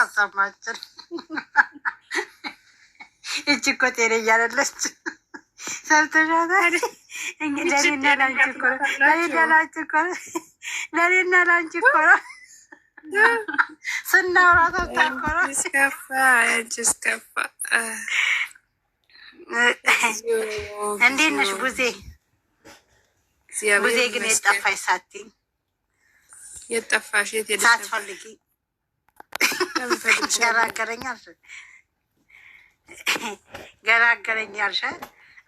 አሰማችን። ይቺ እኮ ጤነኛ አይደለች። ሰብተሻታል። እንግዲህ ለእኔና ላንቺ እኮ ነው ለእኔና እኮ ነው ስናውራ ተብታ እኮ ነው። እንዴት ነሽ ቡዜ? ቡዜ ግን የጠፋሽ ሳትይኝ የጠፋሽ ሳትፈልጊ ገላገለኝ አልሽ፣ ገላገለኝ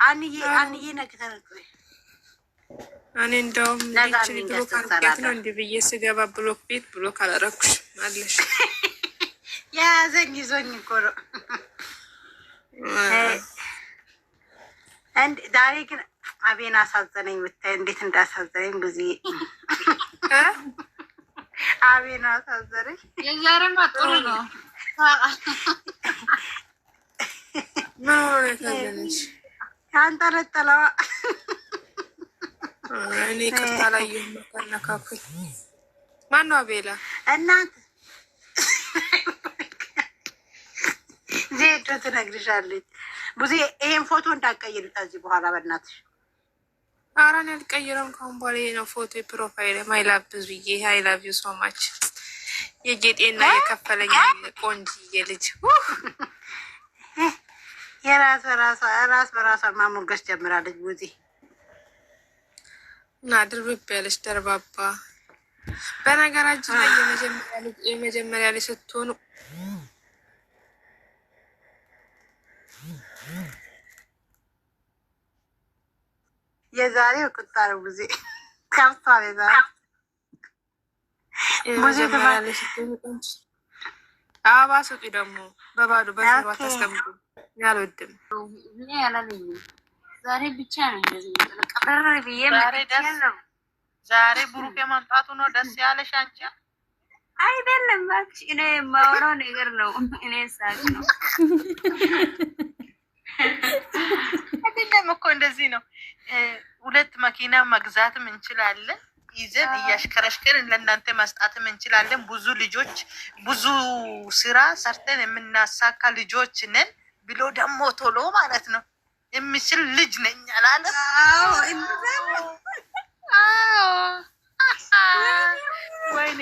አንዬ አንዬ ነገ ተነግሮኝ እኔ እንደውም ነው እንዲህ ብዬ ስገባ ብሎክ ቤት ብሎክ አላረኩሽ አለሽ። የያዘኝ ይዞኝ እኮ ነው። ዛሬ ግን አቤን አሳዘነኝ። ብታይ እንዴት እንዳሳዘነኝ ብዙዬ አሳዘረኝ። የዛሬማ ጥሩ ነው። ያንጠለጠለዋ እኔ ቅርታ ላይ አቤላ እናንተ ዜዶ ትነግርሻለች። ብዙ ይሄን ፎቶ እንዳትቀይሪ ከዚህ በኋላ በእናትሽ አራን አልቀይረም። ካሁን በኋላ ነው ፎቶ ፕሮፋይል ማይላቭ ብዙ ዬ አይላቭ ዩ ሶ የጌጤና የከፈለኝ ቆንጆዬ ልጅ የራስ በራሷ ራስ በራሷ ማሞገስ ጀምራለች። ቡዚ እና ድርብብ ያለች ደርባባ። በነገራችን ላይ የመጀመሪያ ልጅ ስትሆኑ የዛሬው ቁጣ ነው። ጊዜ ከብቷል። የዛሬ አበባ ስጡ ደግሞ በባዶ በዘባ ታስቀምጡ ያልወድም ዛሬ ነው። ዛሬ ብሩክ የማምጣቱ ነው ደስ ያለሽ አንቺ? አይደለም እባክሽ፣ እኔ የማወራው ነገር ነው። እኔ ሳቅ ነው። አይደለም እኮ እንደዚህ ነው ሁለት መኪና መግዛትም እንችላለን። ይዘን እያሽከረሽከርን ለእናንተ መስጣትም እንችላለን። ብዙ ልጆች ብዙ ስራ ሰርተን የምናሳካ ልጆች ነን ብሎ ደግሞ ቶሎ ማለት ነው የሚችል ልጅ ነኝ አላለ።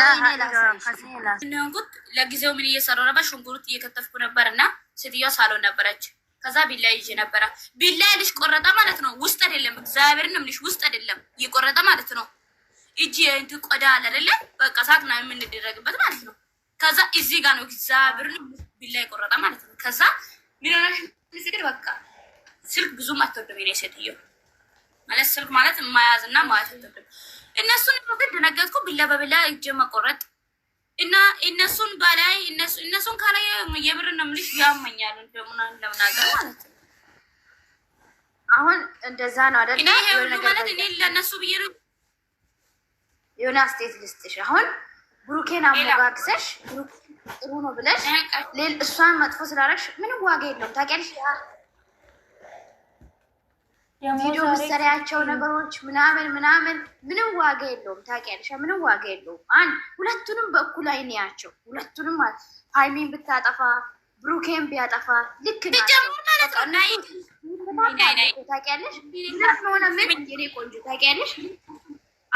ላሳይሽንኩት ለጊዜው ምን እየሰራሁ ነበር? ሽንኩርት እየከተፍኩ ነበር እና ሴትዮዋ ሳሎን ነበረች። ከዛ ቢላ ይዤ ነበረ። ቢላ ልሽ ቆረጠ ማለት ነው። ውስጥ አይደለም፣ እግዚአብሔርን ምልሽ ውስጥ አይደለም፣ እየቆረጠ ማለት ነው። እጅ እንትን ቆዳ አለ አይደለ? በቃ ሳቅ ነው የምንደረግበት ማለት ነው። ከዛ እዚህ ጋር ነው እግዚአብሔርን ቢላ የቆረጠ ማለት ነው። ከዛ ሚሊዮናሽ ዝግድ በቃ ስልክ ብዙም አትወድም የኔ ሴትዮ ማለት ስልክ ማለት የማያዝ ማለት አትወድም እነሱን ነገር ደነገጥኩ። ቢላ በቢላ እጄ መቆረጥ እና እነሱን ባላይ እነሱን ካላየ የብር ነው የምልሽ ያመኛሉ ለምናገር ማለት አሁን እንደዛ ነው አይደል? እና ይሄ ሁሉ ማለት እኔ ለእነሱ ብዬ ነው የሆነ አስቴት ልስጥሽ። አሁን ብሩኬን አሞጋግሰሽ ጥሩ ነው ብለሽ እሷን መጥፎ ስላረግሽ ምንም ዋጋ የለውም ታውቂያለሽ። ቪዲዮ መሰሪያቸው ነገሮች ምናምን ምናምን ምንም ዋጋ የለውም። ታውቂያለሽ፣ ምንም ዋጋ የለውም። አንድ ሁለቱንም በእኩል አይን ያቸው። ሁለቱንም ሀይሚን ብታጠፋ ብሩኬን ቢያጠፋ ልክ ታውቂያለሽ። ምን የኔ ቆንጆ ታውቂያለሽ፣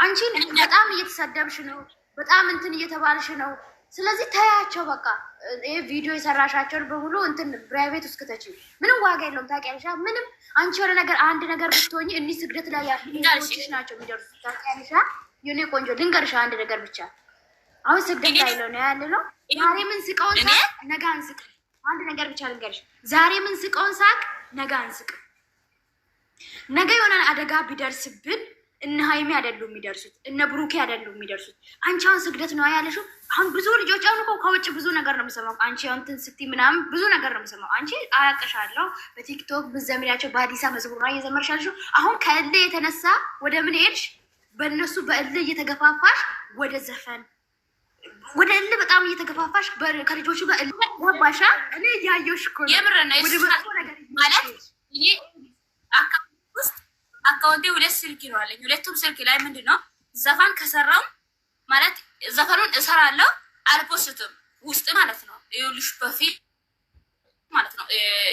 አንቺን በጣም እየተሰደብሽ ነው፣ በጣም እንትን እየተባልሽ ነው ስለዚህ ተያቸው በቃ ይሄ ቪዲዮ የሰራሻቸውን በሙሉ እንትን ፕራይቬት ውስጥ ክተች። ምንም ዋጋ የለውም ታውቂያለሽ። ምንም አንቺ የሆነ ነገር አንድ ነገር ብትሆኝ እኒህ ስግደት ላይ ያሉች ናቸው የሚደርሱ። ታውቂያለሽ። የኔ ቆንጆ ልንገርሽ አንድ ነገር ብቻ አሁን ስግደት ላይ ነው ነው ያለ ነው። ዛሬ ምን ስቀውን ሳቅ ነገ አንስቅ። አንድ ነገር ብቻ ልንገርሽ፣ ዛሬ ምን ስቀውን ሳቅ ነገ አንስቅ። ነገ የሆነ አደጋ ቢደርስብን እነ ሀይሜ አይደሉም የሚደርሱት፣ እነ ብሩኬ አይደሉም የሚደርሱት። አንቺ አሁን ስግደት ነው ያለሽው። አሁን ብዙ ልጆች አሁን እኮ ከውጭ ብዙ ነገር ነው የምሰማው። አንቺ እንትን ስቲ ምናምን ብዙ ነገር ነው የምሰማው። አንቺ አያቅሻለሁ በቲክቶክ ብዘምሪያቸው በአዲሳ መዝሙር ላይ እየዘመርሽ እየዘመርሻለሽው። አሁን ከእል የተነሳ ወደ ምን ሄድሽ? በእነሱ በእል እየተገፋፋሽ ወደ ዘፈን ወደ እል በጣም እየተገፋፋሽ ከልጆቹ በእል እልህ ገባሻ። እኔ እያየሁሽ እኮ ነው ማለት አካውንቴ ሁለት ስልክ ነው አለኝ። ሁለቱም ስልክ ላይ ምንድን ነው ዘፈን ከሰራው ማለት ዘፈኑን እሰራለሁ አልፖስትም ውስጥ ማለት ነው ይኸውልሽ በፊት ማለት ነው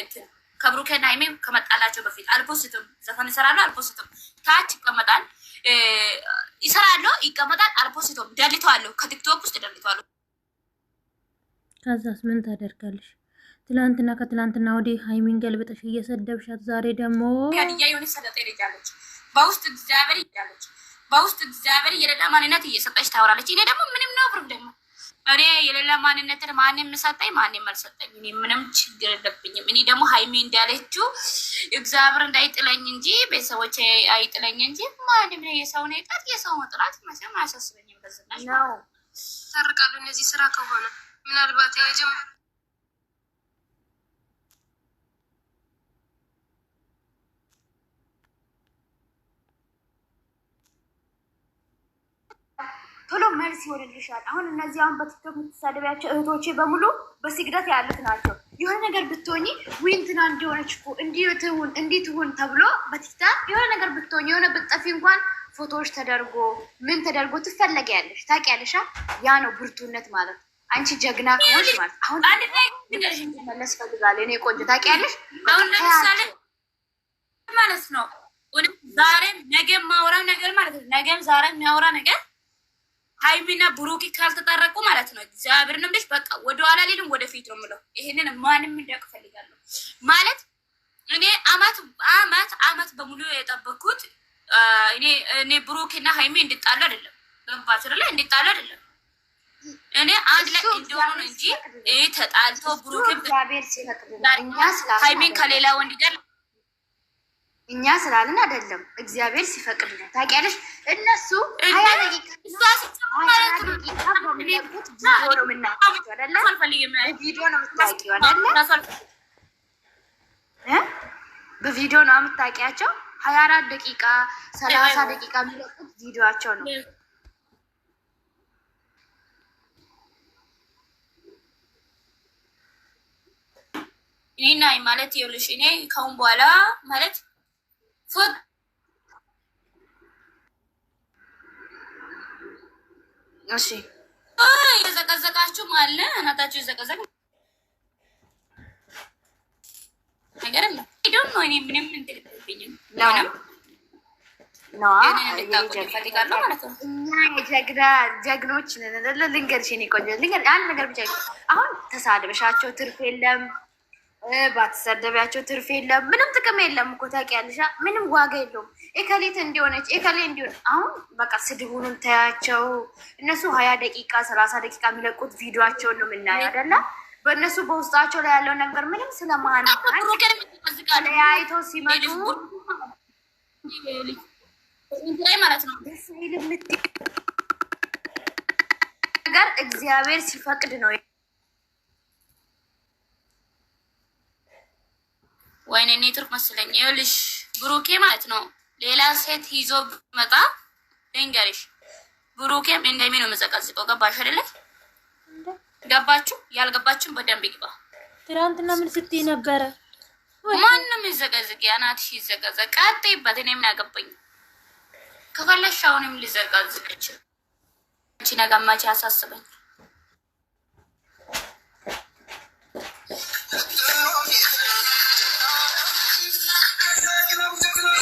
እንትን ከብሩኬና ሃይሜ ከመጣላቸው በፊት አልፖስትም። ዘፈን እሰራለሁ አልፖስትም። ታች ይቀመጣል ይሰራለሁ ይቀመጣል አልፖስትም። ደልተዋለሁ ከቲክቶክ ውስጥ ደልተዋለሁ። ከዛስ ምን ታደርጋለሽ? ትላንትና ከትላንትና ወዲህ ሀይሚን ገልብጠሽ እየሰደብሻት ዛሬ ደግሞ በውስጥ እግዚአብሔር እያለች በውስጥ እግዚአብሔር የሌላ ማንነት እየሰጠች ታወራለች። እኔ ደግሞ ምንም ነው ብሩ ደግሞ እኔ የሌላ ማንነትን ማንም ሰጠኝ ማንም አልሰጠኝ፣ እኔ ምንም ችግር የለብኝም። እኔ ደግሞ ሀይሚ እንዳለችው እግዚአብሔር እንዳይጥለኝ እንጂ ቤተሰቦች አይጥለኝ እንጂ ማንም ነው የሰው ነጣት የሰው መጥላት መቼም አያሳስበኝም። በዝናሽ ታርቃሉ እነዚህ ስራ ከሆነ ምናልባት የጀመሩ መልስ ይሆንልሻል። አሁን እነዚህ አሁን በቲክቶክ የምትሳደቢያቸው እህቶቼ በሙሉ በስግደት ያሉት ናቸው። የሆነ ነገር ብትሆኝ ዊንትና እንዲሆነች እኮ እንዲትሁን እንዲትሁን ተብሎ በቲክታክ የሆነ ነገር ብትሆኝ የሆነ ብትጠፊ እንኳን ፎቶዎች ተደርጎ ምን ተደርጎ ትፈለጊያለሽ፣ ታውቂያለሽ። ያ ነው ብርቱነት ማለት አንቺ ጀግና ከሆንሽ ማለት አሁን መለስ ፈልጋለሁ እኔ ቆንጆ ታውቂያለሽ። አሁን ለምሳሌ ማለት ነው ዛሬም ነገም ማውራ ነገር ማለት ነው ነገም ዛሬም የሚያወራ ነገር ሀይሚና ብሩኪ ካልተጣረቁ ማለት ነው እግዚአብሔር ነው ብለሽ በቃ ወደኋላ ሌልም ወደፊት ነው ምለው። ይሄንን ማንም እንዲያውቅ እፈልጋለሁ። ማለት እኔ አመት አመት አመት በሙሉ የጠበኩት እኔ እኔ ብሩኪና ሀይሚ እንድጣሉ አይደለም፣ በምባስር ላይ እንድጣሉ አይደለም። እኔ አንድ ላይ እንደሆኑ እንጂ ይህ ተጣልቶ ብሩኪ ሀይሚን ከሌላ ወንድ ጋር እኛ ስላልን አይደለም፣ እግዚአብሔር ሲፈቅድ ነው። ታውቂያለሽ፣ እነሱ ሀያ ደቂቃ በቪዲዮ ነው የምታውቂው በቪዲዮ ነው የምታውቂያቸው። ሀያ አራት ደቂቃ ሰላሳ ደቂቃ የሚለቁት ቪዲዮቸው ነው። ይህና ማለት ይኸውልሽ፣ እኔ ከአሁን በኋላ ማለት ፎቅ እሺ፣ የዘቀዘቃችሁም አለ እናታችሁ የዘቀዘቅ ነገር ነው። እኔ ምንም እንትን ጀግኖች ልንገርሽ፣ ቆንጆ ልንገርሽ፣ አንድ ነገር ብቻ አሁን ተሳድበሻቸው ትርፍ የለም ባትሰደቢያቸው ትርፍ የለም፣ ምንም ጥቅም የለም እኮ ታውቂያለሽ። ምንም ዋጋ የለውም። ኤከሌት እንዲሆነች ኤከሌ እንዲሆነ አሁን በቃ ስድቡንም ተያቸው። እነሱ ሀያ ደቂቃ ሰላሳ ደቂቃ የሚለቁት ቪዲዮቸውን ነው የምናየው አይደለ? በእነሱ በውስጣቸው ላይ ያለው ነገር ምንም ስለማን ተለያይተው ሲመጡ ማለት ነው ነገር እግዚአብሔር ሲፈቅድ ነው ወይኔ ኔትወርክ መሰለኝ። ይኸውልሽ ብሩኬ ማለት ነው ሌላ ሴት ይዞ መጣ ልንገርሽ፣ ብሩኬም እንደሚ ነው የምዘቀዝቀው። ገባሽ አይደለ? ገባችሁ? ያልገባችሁም በደንብ ይግባ። ትናንትና ምን ስትይ ነበረ? ማንም ይዘቀዝቅ፣ ያናትሽ ይዘቀዘቅ፣ ቀጥይበት። እኔ ምን አገባኝ? ከፈለሽ አሁንም ሊዘቀዝቅ ይችላል። አንቺ ነገማች ያሳስበኝ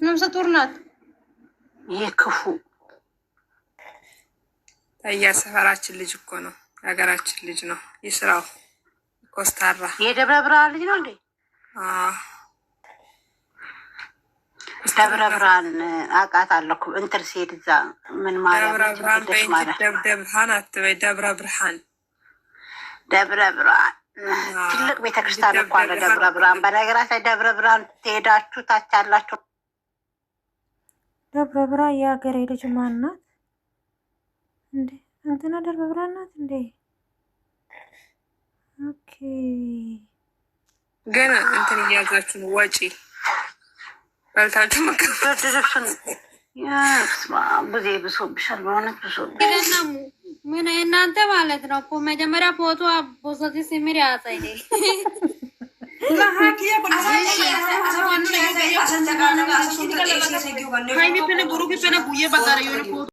ነፍሰ ጡር ናት። ይህ ክፉ ሰፈራችን ልጅ እኮ ነው። የሀገራችን ልጅ ነው። ይስራው ኮስታራ የደብረ ብርሃን ልጅ ነው እንዴ? ደብረ ብርሃን አውቃት አለኩ እንትን ሲሄድ እዛ ምን ማለት ደብደብሃን አትበይ፣ ደብረ ብርሃን ደብረ ብርሃን ትልቅ ቤተክርስቲያን እኮ አለ ደብረ ብርሃን። ላይ ደብረ ብርሃን ትሄዳችሁ ታች ያላችሁ ደብረ ብርሃን የሀገሬ ልጅ ማን ናት እንዴ? እንትና ደብረ ብርሃን ናት እንዴ? ኦኬ። ገና እንትን እያዛችሁ ነው ወጪ በልታችሁ መከፈት ዘፈን ብዙ ብሶብሻል። በእውነት ብሶብሻል። ምን እናንተ ማለት ነው እኮ መጀመሪያ ፎቶ ቦሶቲ ሲሚር ያሳይ भाई पहले गुरु भी पहले भूये बता रही हूँ